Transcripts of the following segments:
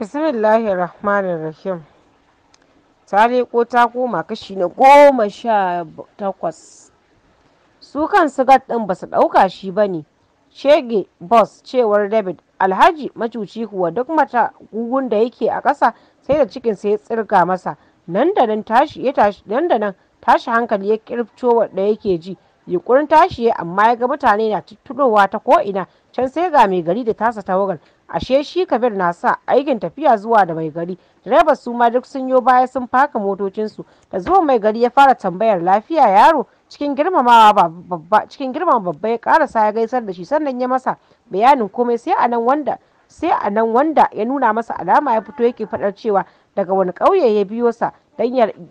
bismillahir rahmanir rahim ta leko ta koma kashi na goma sha takwas su kan su ɗin ba su ɗauka shi ba ne shege boss cewar david alhaji macuci kuwa duk mata gugun da yake a ƙasa sai da cikin sai ya tsirga masa nan da nan tashi ya tashi nan da nan tashi hankali ya kirfto da yake ji yukurin tashi ya amma ya ga mutane na tuttuɗowa ta ko'ina can sai ga mai gari da tasa tawagar ashe shi kabir na sa aikin tafiya zuwa da mai gari direba su ma duk sun yo baya sun faka motocinsu da zuwa mai gari ya fara tambayar lafiya yaro cikin girmamawa babba cikin girmama babba ya karasa ya gaisar da shi sannan ya masa bayanin komai sai a nan wanda sai a nan wanda ya nuna masa alama ya fito yake fadar cewa daga wani ƙauye ya biyo sa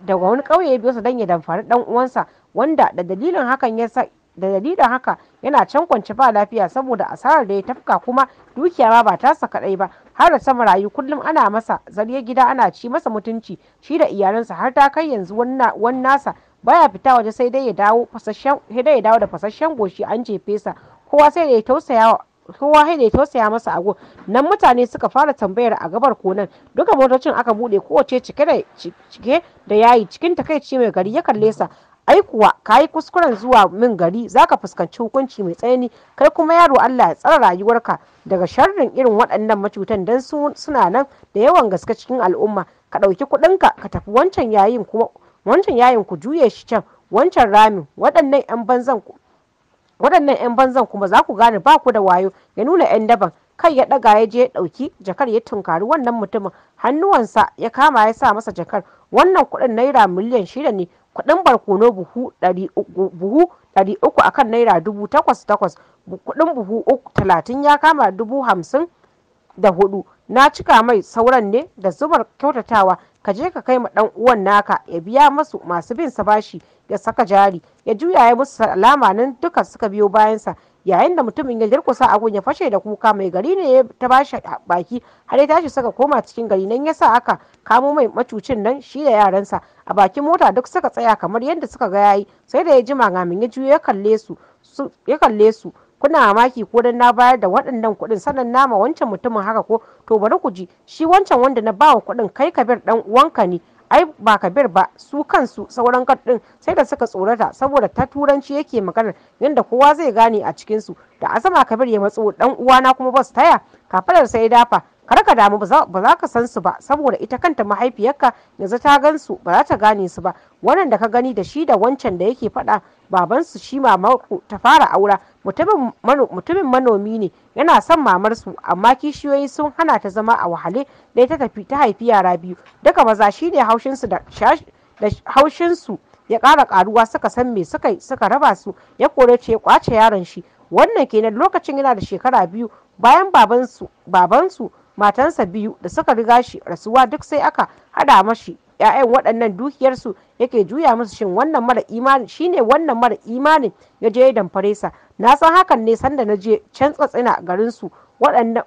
daga wani ƙauye ya biyo sa dan ya damfari dan uwansa wanda da dalilin hakan ya sa da dalilin haka yana can kwance ba lafiya saboda asarar da ya tafka kuma dukiya ma ba sa kadai ba har da sama rayu kullum ana masa zarye gida ana ci masa mutunci shi da iyalansa har ta kai yanzu wani nasa baya fita waje sai dai ya dawo fasashen ya dawo da fasashen goshi an jefe sa kowa sai da ya tausaya kowa sai da ya tausaya masa ago nan mutane suka fara tambayar a gabar konan duka motocin aka bude kowace cike da cike da yayi cikin takaici mai gari ya kalle sa ai kuwa ka yi kuskuren zuwa min gari zaka fuskanci hukunci mai tsayani kai kuma yaro Allah ya tsara rayuwarka daga sharrin irin waɗannan macutan dan suna nan da yawan gaske cikin al'umma ka ɗauki kuɗinka ka tafi wancan yayin ku juye shi can wancan ramin waɗannan 'yan banzan kuma za ku gane ba ku da wayo ya nuna 'yan daban kai ya ɗaga ya je ya ɗauki jakar ya tunkari wannan mutumin hannuwansa ya kama ya sa masa jakar wannan kuɗin naira miliyan shida ne Kudin barkono buhu ɗari buhu uku akan naira dubu takwas takwas kuɗin buhu talatin ya kama dubu hamsin da hudu na cika mai sauran ne da zubar kyautatawa ka je ka kai ma dan uwan naka ya biya masu masu bin sa bashi ya saka jari ya juya ya musu alama nan duka suka biyo bayansa yayin da mutumin ya durkusa agun ya fashe da kuka mai gari ne ya ta bashi baki har ya tashi saka koma cikin gari nan ya sa aka kamo mai macucin nan shi da yaransa a bakin mota duk suka tsaya kamar yadda suka ga yayi sai da ya ji magamin ya juyo ya kalle su ya kalle su kuna mamaki ko dan na bayar da waɗannan kuɗin sanan nama wancan mutumin haka ko to bari ku ji shi wancan wanda na bawa kuɗin kai kabir dan uwanka ne ai ba kabir ba su kansu sauran ɗin sai da suka tsorata saboda ta turanci yake magana yadda kowa zai gane a cikinsu da azama kabir ya matso dan uwana kuma bas taya kafadar sai dafa kar ka damu ba za ka san su ba saboda ita kanta mahaifiyarka yanzu ta gan su ba za ta gane su ba wannan da ka gani da shi da wancan da yake faɗa babansu shi mamaku ta fara aura mutumin manomi ne yana son mamarsu amma kishiyoyi sun hana ta zama a wahale dai ta tafi ta haifi yara biyu daga maza shi haushinsu da haushinsu ya ƙara ƙaruwa suka san me suka suka raba su ya kore ce ya kwace yaron shi wannan kenan lokacin yana da shekara biyu bayan babansu babansu matansa biyu da suka riga shi rasuwa duk sai aka hada mashi 'ya'yan waɗannan dukiyarsu yake juya musu shin wannan mara imani shine wannan mara imanin ya je ya sa na san hakan ne sanda na je can tsatsina garin su waɗannan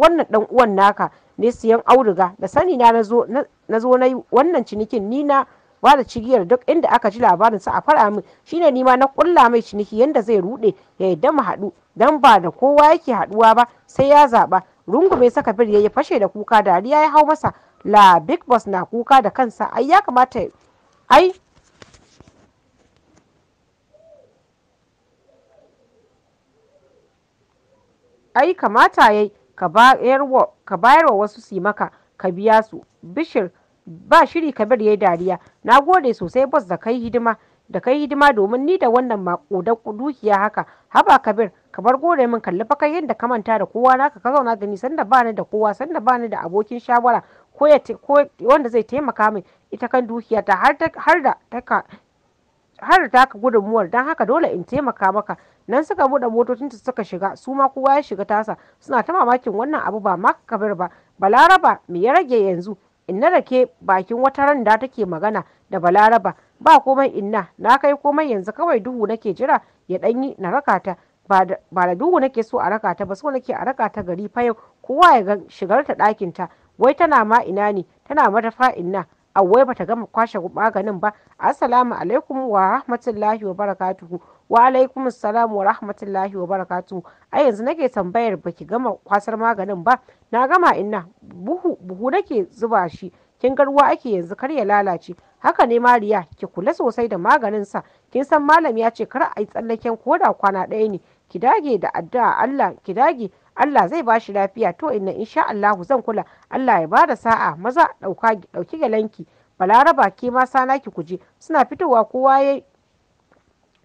wannan dan uwan naka ne siyan auduga da sani na nazo zo na wannan cinikin ni na ba da cigiyar duk inda aka ji labarin sa a fara min shine ni ma na kulla mai ciniki yanda zai rude ya yadda mu haɗu dan ba da kowa yake haɗuwa ba sai ya zaba rungume saka bir ya fashe da kuka dariya ya hau masa la big boss na kuka da kansa ai ya kamata ai ai kamata yai ka bayar wa wasu su maka ka biya su bishir ba shiri kabir ya yi dariya na gode sosai bas da kai hidima da kai hidima domin ni da wannan makudan dukiya haka haba kabir ka bar gode min kalli fa kai yadda ka manta da kowa naka ka zauna da ni sanda bani da kowa sanda bani da abokin shawara ko ya ko wanda zai taimaka min ita kan dukiya ta har da taka har da taka gudunmuwar don haka dole in taimaka maka nan suka buɗe motocin su suka shiga su ma kowa ya shiga tasa suna ta mamakin wannan abu ba maka kabir ba balaraba me ya rage yanzu inna da ke bakin wata randa take magana da balaraba ba komai inna na kai komai yanzu kawai duhu nake jira ya ɗanyi na rakata ba da duhu nake so a rakata ta ba so nake a rakata gari fa yau kowa ya ga shigar ta ɗakin ta wai tana ma ina ne tana matafa inna wai bata gama kwashe maganin ba assalamu alaikum wa rahmatullahi wa barakatuhu wa alaikum assalam wa rahmatullahi wa barakatuhu a yanzu nake tambayar baki gama kwasar maganin ba na gama inna buhu buhu nake zuba shi kin garwa ruwa ake yanzu kar ya lalace haka ne mariya ki kula sosai da maganin sa kin san malam ya ce kar a yi tsallaken koda kwana ɗaya ne ki dage da addu'a Allah ki dage Allah zai ba shi lafiya to inna insha Allahu zan kula Allah ya bada sa'a maza dauka dauki galanki balaraba ke ma sana ki kuje suna fitowa kowa yayi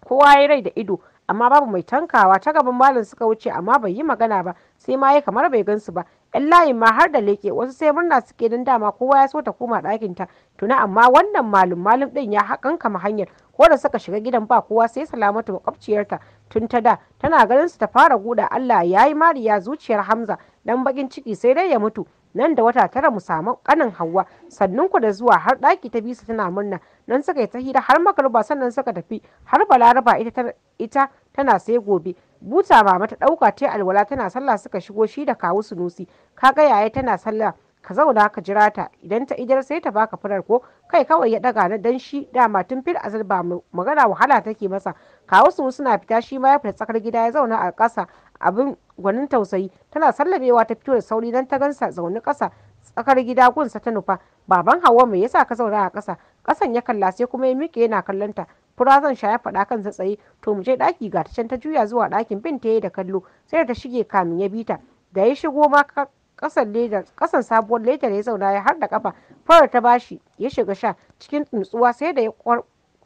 kowa yayi rai da ido amma babu mai tankawa ta gaban malam suka wuce amma bai yi magana ba sai ma ya kamar bai gansu ba yan layin ma har da leke wasu sai murna suke dan dama kowa ya so ta koma ɗakin ta tuna amma wannan malum malum din ya hakan kama hanyar ko da suka shiga gidan ba kowa sai salamatu makwabciyarta tun ta da tana ganin su ta fara guda Allah ya yi mariya zuciyar Hamza dan bakin ciki sai dai ya mutu nan da wata tara mu samu kanin Hauwa sannan ku da zuwa har daki ta bisa tana murna nan suka yi ta hira har makaruba sannan suka tafi har balaraba ita ita tana sai gobe buta ba mata dauka ta alwala tana sallah suka shigo shi da kawu sunusi kaga yaya tana sallah ka zauna ka jira ta idan ta idar sai ta baka furar ko kai kawai ya daga na dan shi dama tun fil azal ba magana wahala take masa kawo su suna fita shi ma ya fita tsakar gida ya zauna a kasa abin gwanin tausayi tana sallabewa ta fito da sauri dan ta gansa zaune kasa tsakar gida gunsa ta nufa baban hawa mai yasa ka zauna a kasa kasan ya kalla sai kuma ya miƙe yana kallon ta fura zan sha ya faɗa kan tsaye to mu je ɗaki ga ta can ta juya zuwa ɗakin bin ta da kallo sai da ta shige kamin ya bi ta da ya shigo ma kasan sabuwar ledar ya zauna ya har da kafa farar ta bashi ya shiga sha cikin tsuntsuwa sai da ya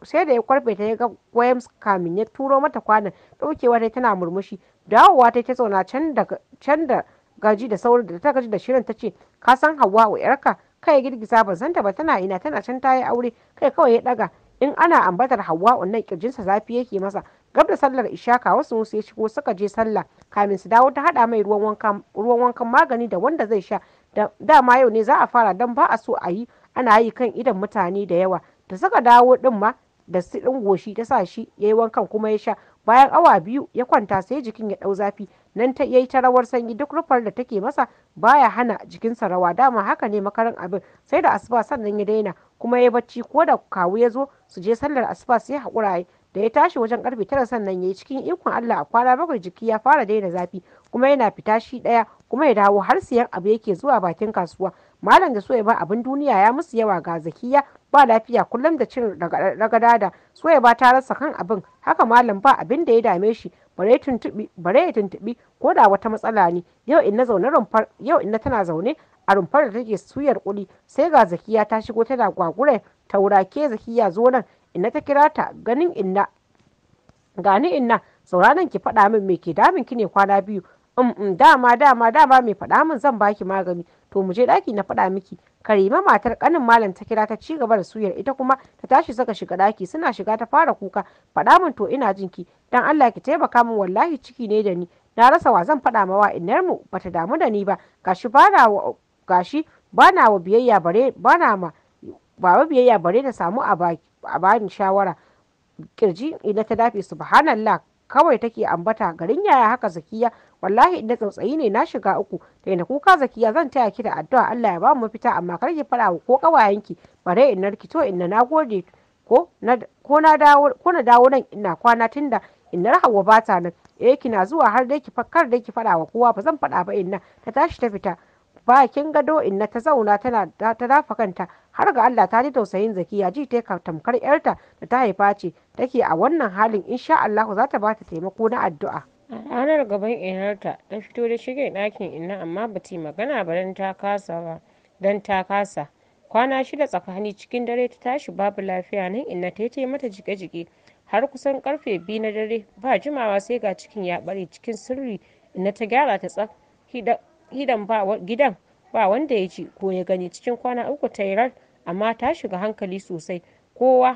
sai kwarfe ta ya ga Williams kamin ya turo mata kwanan daukewa ta tana murmushi dawowa ta ta zauna can da can da gaji da saurin da ta gaji da shirin ta ce ka san hawa wa yarka kai girgiza ban san ta ba tana ina tana can ta yi aure kai kawai ya daga in ana ambatar hawa nan kirjinsa zafi yake masa gab da sallar ishaka wasu ya shigo suka je sallah kamin su dawo ta hada mai ruwan wankan magani da wanda zai sha dama yau ne za a fara don ba a so a yi ana yi kan idan mutane da yawa da suka dawo din ma da su din goshi ta sa shi ya yi wankan kuma ya sha bayan awa biyu ya kwanta sai jikin ya dau zafi nan ta yayi ta rawar sanyi duk rufar da take masa baya hana jikinsa rawa dama haka ne makaran abin sai da asuba sannan ya daina kuma ya bacci ko da kawu ya zo su je sallar asuba sai haƙura da ya tashi wajen karfe tara sannan ya yi cikin ikon Allah a kwana bakwai jiki ya fara daina zafi kuma yana fita shi daya kuma ya dawo har siyan abu yake zuwa bakin kasuwa malam da soyaba abin duniya ya musu yawa ga zakiya ba lafiya kullum da cin ragada da soyaba ta rasa kan abin haka malam ba abin da ya dame shi bare ya tuntubi ko da wata matsala ne yau inna zaune rumfar yau inna tana zaune a rumfar da take suyar kuli sai ga zakiya ta shigo tana gwagure taurake zakiya zo nan inna ta kira ta ganin inna gani inna sauranan ki faɗa min me ke damin ki ne kwana biyu um, um dama dama dama me faɗa min zan baki magani to mu je daki na faɗa miki karima matar kanin malam ta kira ta ci gaba da suyar ita kuma ta tashi saka shiga daki suna shiga ta fara kuka faɗa min to ina jin ki dan Allah ki taimaka min wallahi ciki ne da ni na rasa wa zan faɗa mawa innar mu bata damu da ni ba gashi bana wa gashi bana wa biyayya bare bana ma baba biyayya bare na samu a baki a bani shawara kirji ina ta dafe subhanallah kawai take ambata garin yaya haka zakiya wallahi inda tsautsayi ne na shiga uku ta na kuka zakiya zan taya ki da addu'a Allah ya ba mu fita amma kar ki fara ko kawayenki bare in narki to inna gode ko na ko na dawo ko na dawo nan ina kwana tunda inna hawa bata nan eh kina zuwa har dai ki fakkar dai ki fada wa kowa ba zan fada ba inna ta tashi ta fita ba bakin gado inna ta zauna tana ta dafa kanta har ga Allah ta ji tausayin zakiya ji ta tamkar yarta da ta haifa ce take a wannan halin insha Allah za ta bata taimako na addu'a a ranar gaban inarta ta fito da shige dakin inna amma ba ta magana ba dan ta kasa ba dan ta kasa kwana shida tsakani cikin dare ta tashi babu lafiya nan inna ta yi mata jike-jike har kusan karfe biyu na dare ba jimawa sai ga cikin ya bare cikin sirri inna ta gyara ta tsaf gidan ba wanda ya ji ko ya gani cikin kwana uku ta yi rar amma ta shiga hankali sosai kowa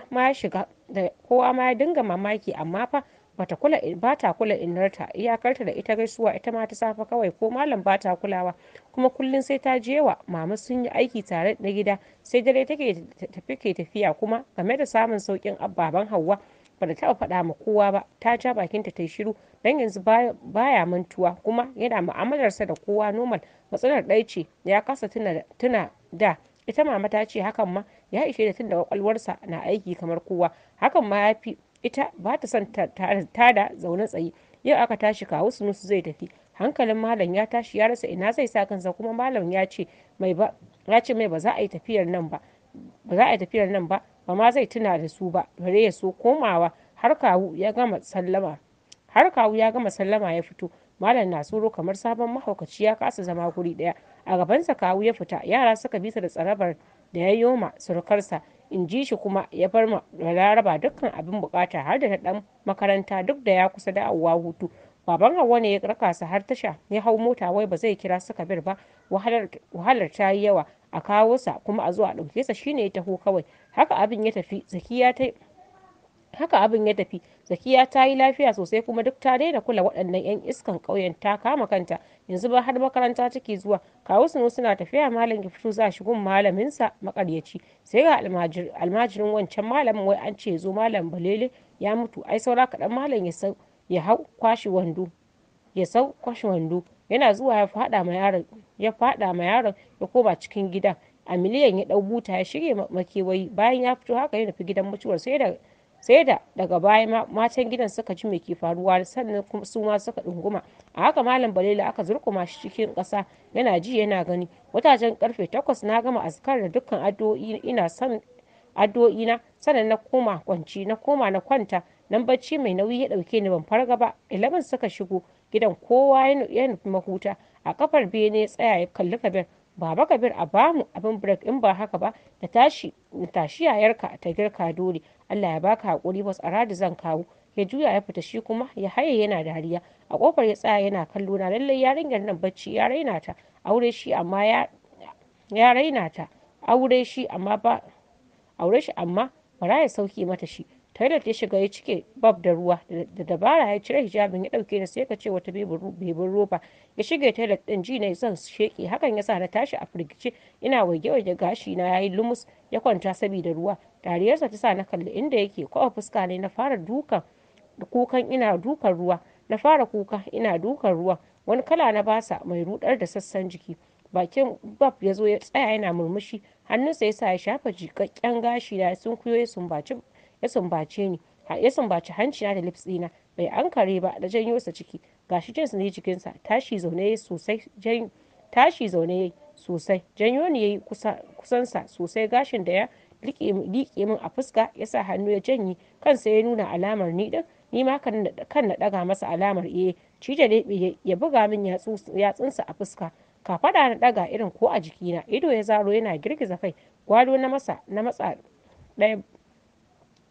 ma ya dinga mamaki amma fa bata kula ba ta kula innarta iyakarta da ita gaisuwa ita ma ta safa kawai ko malam bata kulawa kuma kullum sai ta jewa mama sun yi aiki tare da gida sai dare take tafi ke tafiya kuma game da samun saukin ababan hawa. ba da taɓa faɗa ma kowa ba ta ja bakinta ta yi shiru dan yanzu baya mantuwa kuma yana mu'amalarsa da kowa normal matsalar ɗaya ce ya kasa tuna da ita mama ta ce hakan ma ya ishe da tun da kwakwalwarsa na aiki kamar kowa hakan ma ya fi ita ba ta son tada zaune tsaye yau aka tashi kawo nusu zai tafi hankalin malam ya tashi ya rasa ina zai sa kansa kuma malam ya ce mai ba ya ce mai ba za a yi tafiyar nan ba ba za a yi tafiyar nan ba ba ma zai tuna da su ba bare ya so komawa har kawu ya gama sallama har kawu ya gama sallama ya fito malam tsoro kamar sabon mahaukaci ya kasa zama guri daya a gabansa kawu ya fita yara suka bisa da tsarabar da ya yoma surukarsa in ji shi kuma ya bar ma laraba dukkan abin bukata har da dan makaranta duk da ya kusa da da'awa hutu baban hawa ne ya karkasa har tasha ya hau mota wai ba zai kira suka bir ba wahalar ta yi yawa a kawo sa kuma a zuwa a ɗauke sa shine ya taho kawai haka abin ya tafi zakiya ta haka abin ya tafi zakiya ta yi lafiya sosai kuma duk ta daina kula waɗannan 'yan iskan ƙauyen ta kama kanta yanzu ba har makaranta take zuwa kawo sunu suna tafiya malam ya fito za shi gun malamin sa makaryaci sai ga almajirin wancan malamin wai an ce zo malam balele ya mutu ai saura kaɗan malam ya hau kwashi wando ya sau kwashi wando yana zuwa ya faɗa ma yaron ya faɗa ma yaron ya koma cikin gidan a miliyan ya ɗau buta ya shirya makewayi bayan ya fito haka ya nufi gidan mutuwar sai da sai da daga baya matan gidan suka ji me ke faruwa sannan su ma suka ɗunguma a haka malam balela aka zurkuma shi cikin ƙasa yana ji yana gani wajajen karfe takwas na gama askar da dukkan addu'o'i ina san addu'o'i na sannan na koma kwanci na koma na kwanta nan bacci mai nauyi ya ɗauke ni ban farga ba 11 suka shigo gidan kowa ya nufi mahuta a kafar bene ya tsaya ya kalli kabir baba kabir a bamu abin break in ba haka ba na tashi na tashi yayarka ta girka dole Allah ya baka hakuri tsara aradi zan kawo ya juya ya fita shi kuma ya haye yana dariya a kofar ya tsaya yana kallo na lallai yarinyar nan bacci ya raina ta aure shi amma ya ya raina ta aure shi amma ba aure shi amma bara ya sauki mata shi toilet ya shiga ya cike bab da ruwa da dabara ya cire hijabin ya dauke ni sai ka ce wata bebin roba ya shige toilet ɗin ji na zan sheki hakan ya sa na tashi a firgice ina wage wage gashi na yayi lumus ya kwanta saboda ruwa dariyarsa ta sa na kalli inda yake ko fuska ne na fara dukan kukan ina dukan ruwa na fara kuka ina dukan ruwa wani kala na basa mai rudar da sassan jiki bakin bab ya zo ya tsaya yana murmushi hannunsa ya sa ya shafa jikakken gashi na sun kuyoyi sun sumbaci ya sumbace ni ya sumbace hancina da lips bai ankare ba da janyo sa ciki gashi jins ne jikinsa tashi zaune sosai jan tashi zaune sosai janyo ne yayi sa sosai gashin da ya liƙe min a fuska yasa hannu ya janye kansa ya nuna alamar ni din ni ma kan na daga masa alamar eh cije ne ya buga min yatsunsa a fuska fada na ɗaga irin ko a jikina ido ya zaro yana girgiza kai gwado na masa na matsa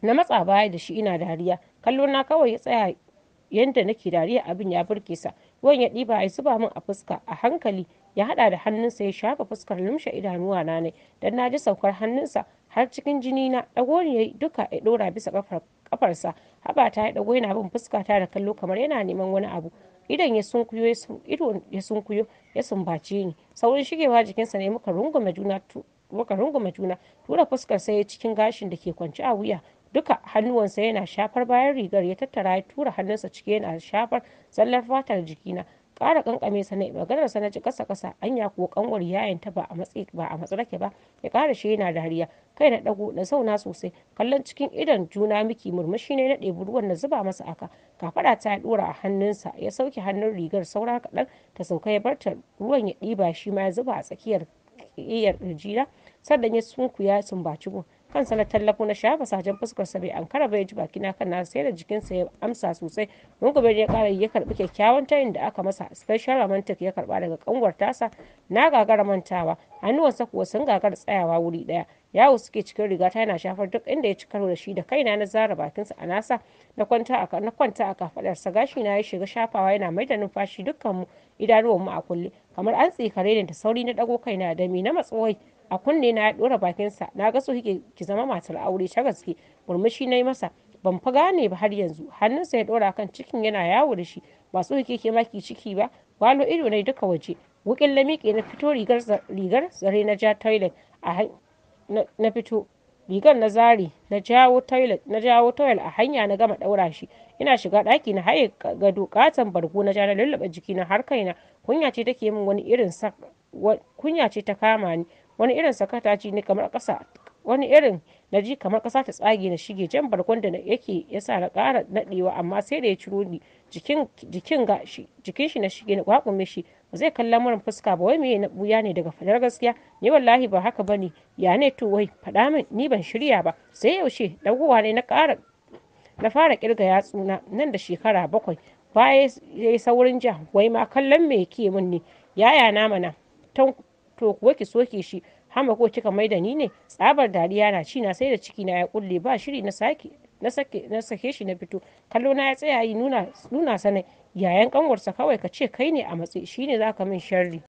na matsa baya da shi ina dariya kallo na kawai ya tsaya yadda nake dariya abin ya burke sa ruwan ya ɗiba ya zuba min a fuska a hankali ya haɗa da hannunsa ya shafa fuskar lumshe idanuwa na ne dan na ji saukar hannunsa har cikin jini na ɗago ne yayi duka ya ɗora bisa kafarsa haɓa ta ya ɗago yana bin fuska ta da kallo kamar yana neman wani abu idan ya sunkuyo ido ya sunkuyo ya sumbace ni saurin shigewa jikinsa ne muka runguma juna muka rungume juna tura fuskar sai cikin gashin da ke kwance a wuya duka hannuwansa yana shafar bayan rigar ya tattara ya tura hannunsa ciki yana shafar zallar fatar jikina ƙara kankame sa na maganar sa na ji kasa kasa anya ko kanwar yayin ta ba a matsi ba a matsarake ba ya ƙara shi yana dariya kai na dago na sauna sosai kallon cikin idon juna miki murmushi ne na ɗebi ruwan na zuba masa aka kafaɗa ta dora a hannunsa ya sauke hannun rigar saura kaɗan ta sauka ya barta ruwan ya ɗiba shi ma ya zuba a tsakiyar ƙiyar ƙirjina sannan ya sun sumbaci gun kansa na tallafo na shafa sajen sa bai ankara bai ji bakina kan na sai da jikinsa ya amsa sosai gobe ya kara ya karbi kyakkyawan tayin da aka masa special romantic ya karba daga kanwar tasa na gagara mantawa sa kuwa sun gagara tsayawa wuri daya yawo suke cikin riga ta yana shafar duk inda ya ci karo da shi da kaina na zara sa a nasa na kwanta a kafadar sa gashi na ya shiga shafawa yana mai da numfashi dukkanmu mu a kulle kamar an tsikare ne da sauri na dago kaina da mi na matsoyi a kunne na ya dora bakinsa na ga so ki zama matar aure ta gaske murmushi na yi masa ban fa gane ba har yanzu hannunsa ya ɗora kan cikin yana yawo da shi ba so ke ke maki ciki ba walo ido na duka waje wukin lamike na fito rigar tsare na ja toilet a na fito rigar na zari na jawo toilet na jawo toilet a hanya na gama daura shi ina shiga ɗaki na haye gado katon bargo na ja na jiki na har kaina kunya ce take min wani irin sa kunya ce ta kama ni wani irin sakata ji ni kamar kasa wani irin na ji kamar kasa ta tsage na shige jan barkon da yake ya sa na ƙara naɗewa amma sai da ya ciro ni jikin shi na shige na kwakume shi ba zai kalla murin fuska ba wai meye na buya ne daga fadar gaskiya ni wallahi ba haka bane ya ne to wai faɗa min ni ban shirya ba sai yaushe dagowa ne na ƙara na fara kirga yatsuna nan da shekara bakwai baya ya yi saurin ja wai ma kallon me ke min ne yaya na mana to kuwa ki soke shi hama ko kika mai da ni ne tsabar dariya na ci na sai da ciki na ya kulle ba shiri na sake na sake shi na fito kallo na ya tsaya yi nuna sanai yayan kanwarsa kawai ka ce kai ne a matse shine zaka min sharri